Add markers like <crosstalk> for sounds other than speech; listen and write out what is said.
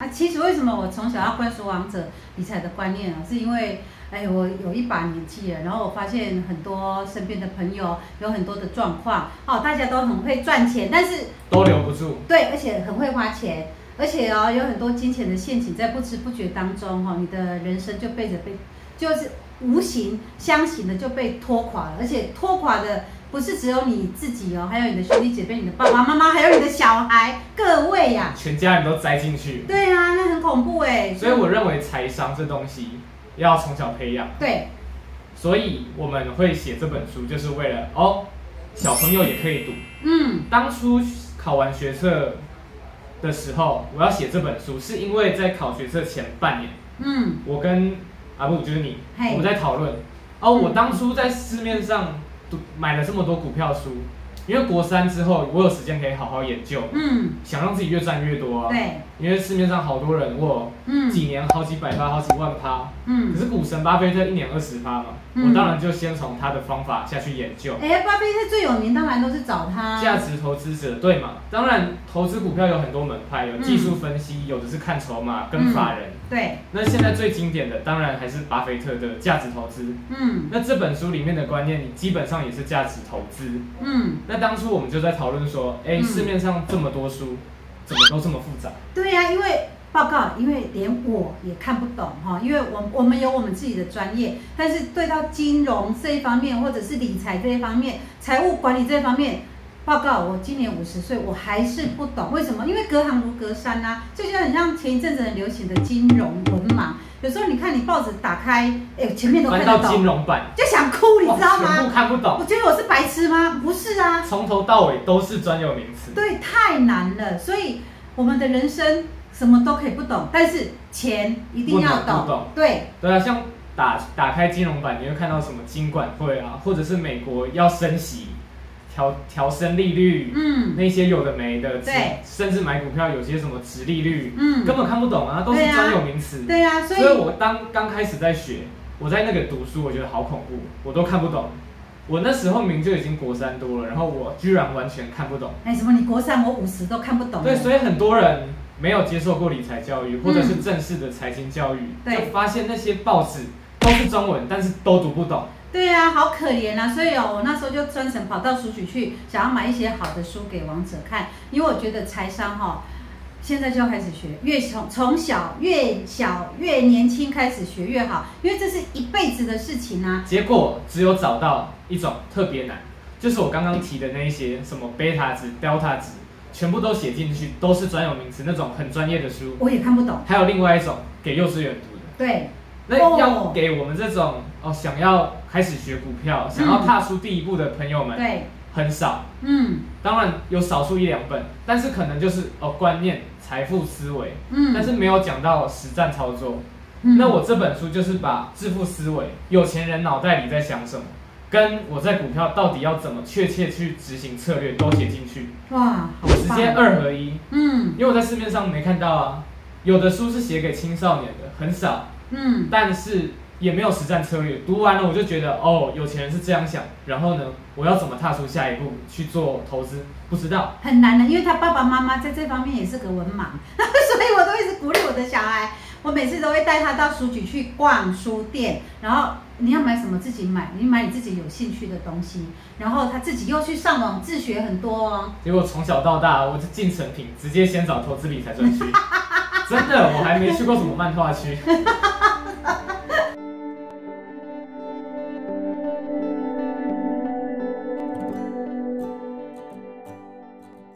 啊，其實為什麼我從小要灌輸王者理財的觀念啊？是因為、哎，我有一把年紀了，然後我發現很多身邊的朋友有很多的狀況，哦、大家都很會賺錢，但是都留不住，對，而且很會花錢，而且哦，有很多金錢的陷阱，在不知不覺當中，哈、哦，你的人生就被著被，就是無形相形的就被拖垮了，而且拖垮的。不是只有你自己哦，還有你的兄弟姐妹、你的爸爸媽媽，還有你的小孩，各位呀、啊，全家人都栽進去。對啊，那很恐怖哎。所以我認為財商這東西要從小培養。對。所以我們會寫這本書，就是為了哦，小朋友也可以讀。嗯。當初考完學測的時候，我要寫這本書，是因為在考學測前半年，嗯，我跟阿布，就是你，我們在討論。哦、嗯，我當初在市面上，買了這麼多股票書，因為國三之後我有時間可以好好研究，嗯，想讓自己越賺越多啊。對，因為市面上好多人我幾年好幾百趴、嗯，好幾萬趴，嗯，可是股神巴菲特一年二十趴嘛、嗯，我當然就先從他的方法下去研究。哎、欸，巴菲特最有名當然都是找他價值投資者，對嘛？當然投資股票有很多門派，有技術分析、嗯，有的是看籌碼跟法人。嗯對，那現在最經典的當然還是巴菲特的價值投資。嗯，那這本書裡面的觀念，你基本上也是價值投資。嗯，那當初我們就在討論說，哎、嗯，市面上這麼多書，怎麼都這麼複雜？對呀、啊，因為報告，因為連我也看不懂哈，因為我們我們有我們自己的專業，但是對到金融這一方面，或者是理財這一方面，財務管理這一方面。報告，我今年五十歲，我還是不懂為什麼，因為隔行如隔山吶、啊。這就很像前一陣子很流行的金融文盲。有時候你看你報紙打開，哎，前面都看到金融版，就想哭，你知道嗎？全部看不懂。我覺得我是白痴嗎？不是啊。從頭到尾都是專有名詞。對，太難了。所以我們的人生什麼都可以不懂，但是錢一定要懂。懂，懂。對。對啊，像打打開金融版，你會看到什麼金管會啊，或者是美國要升息。調調升利率，嗯，那些有的沒的，甚至買股票有些什麼殖利率，嗯，根本看不懂啊，都是專有名詞、啊。對啊。所以，所以我當剛開始在學，我在那個讀書，我覺得好恐怖，我都看不懂。我那時候名就已經國三多了，然後我居然完全看不懂。哎、欸，什麼？你國三，我五十都看不懂、啊。對，所以很多人沒有接受過理財教育，或者是正式的財經教育、嗯，就發現那些報紙。都是中文，但是都讀不懂。對呀、啊，好可憐啊！所以哦，我那時候就專程跑到書局去，想要買一些好的書給王者看，因為我覺得財商哈、哦，現在就要開始學，越從從小越小越年輕開始學越好，因為這是一輩子的事情啊。結果只有找到一種特別難，就是我剛剛提的那一些什麼貝塔值、delta 值，全部都寫進去，都是專有名詞那種很專業的書，我也看不懂。還有另外一種給幼稚園讀的，對。那要給我們這種哦，想要開始學股票，想要踏出第一步的朋友們，嗯，很少。嗯，當然有少數一兩本，但是可能就是哦觀念、財富思維，嗯，但是沒有講到實戰操作，嗯。那我這本書就是把致富思維、有錢人腦袋裡在想什麼，跟我在股票到底要怎麼確切去執行策略都寫進去。哇，好直接，啊，二合一。嗯，因為我在市面上沒看到啊，有的書是寫給青少年的，很少。嗯，但是也沒有實戰策略。讀完了我就覺得，哦，有錢人是這樣想。然後呢，我要怎麼踏出下一步去做投資？不知道，很難的，因為他爸爸媽媽在這方面也是個文盲，所以我都一直鼓勵我的小孩。我每次都會帶他到書局去逛書店，然後你要買什麼自己買，你買你自己有興趣的東西。然後他自己又去上網自學很多哦。結果從小到大，我就進成品，直接先找投資理財專區。 <laughs> 真的，我還沒去過什麼漫畫區。 <laughs>